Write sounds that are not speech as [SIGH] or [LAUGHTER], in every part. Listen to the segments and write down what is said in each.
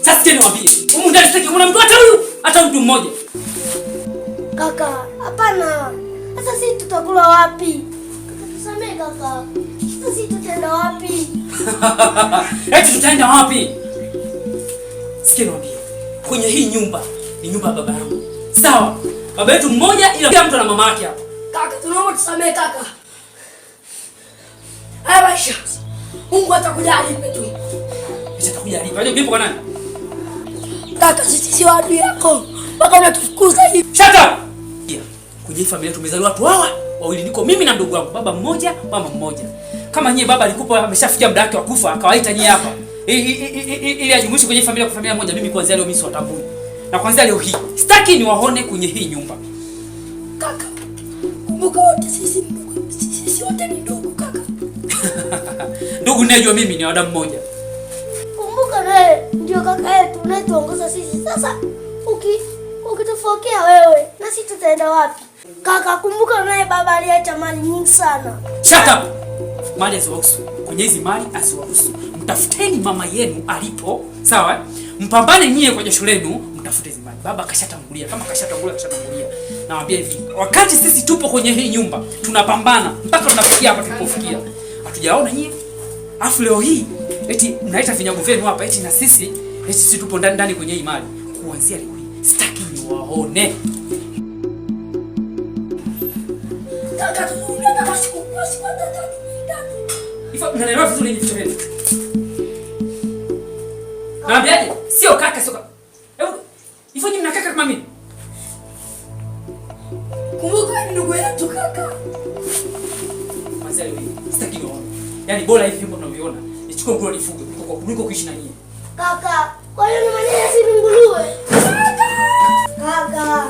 Sasa sikia niwaambie, humu ndani sitaki kuna mtu hata huyu hata mtu mmoja. Kaka, hapana. Sasa sisi tutakula wapi? Tusamee kaka. Sasa sisi tutaenda wapi? [LAUGHS] Eti tutaenda wapi? Sikia niwaambie, kwenye hii nyumba ni nyumba ya baba yangu. Sawa. Baba yetu mmoja ila kila mtu ana mama yake hapa. Kaka, tunaomba tusamee kaka shangazi. Mungu atakujali alipe tu. Atakuja alipe. Unajua vipo kwa nani? Kaka sisi si watu yako. Mpaka unatufukuza hivi. Shut up. Kwenye familia tumezaliwa watu hawa wawili, niko mimi na ndugu wangu, baba mmoja, mama mmoja. Kama nyie baba alikupa ameshafikia muda wake wa kufa, akawaita nyie hapa. Ili ajumuishe kwenye familia kwa familia moja, mimi kwanza leo mimi siwatambui. Na kwanza leo hii sitaki niwaone kwenye hii nyumba. Kaka, kumbuka wote sisi ndugu, sisi wote ni wangu ninayejua mimi ni Adamu mmoja. Kumbuka naye ndio kaka yetu unayetuongoza sisi. Sasa uki ukitufokea wewe na sisi tutaenda wapi? Kaka, kumbuka naye baba aliacha mali nyingi sana. Shut up. Mali asiwahusu. Kwenye hizi mali asiwahusu. Mtafuteni mama yenu alipo, sawa? Mpambane nyie kwenye shule yenu, mtafute hizi mali. Baba kashatangulia, kama kashatangulia kashatangulia. Nawaambia hivi, wakati sisi tupo kwenye hii nyumba, tunapambana mpaka tunafikia hapa tulipofikia. Hatujaona nyie Afu leo hii eti mnaita vinyago vyenu hapa eti na sisi eti sisi tupo ndani ndani kwenye imani. Kuanzia leo hii sitaki niwaone. Mnaelewa vizuri hivi Naambiaje? Sio kaka, sio kaka. Hebu ifanye mna kaka kama mimi. Kumbuka ndugu yetu kaka. sitaki niwaone. Yaani bora hivi vyombo tunavyoona. Nichukue nguruwe nifuge kuliko kwa kuliko kuishi na nyinyi. Kaka, kwa hiyo ni maneno si nguruwe. Kaka. Kaka!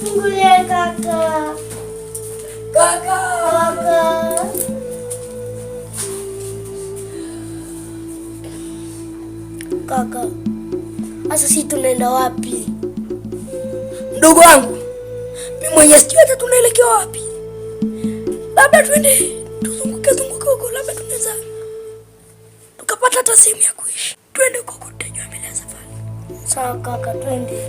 Fungulie kaka. Kaka. Kaka. Kaka. Sasa sisi tunaenda wapi? Ndugu wangu. Mimi mwenyewe sijui hata tunaelekea wapi. Labda twende sehemu ya kuishi. Twende huko, tutajua mbele ya safari. Sawa kaka, twende.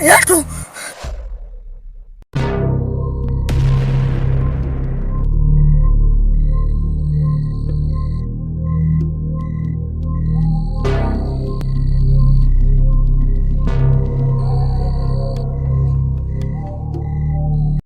jak to?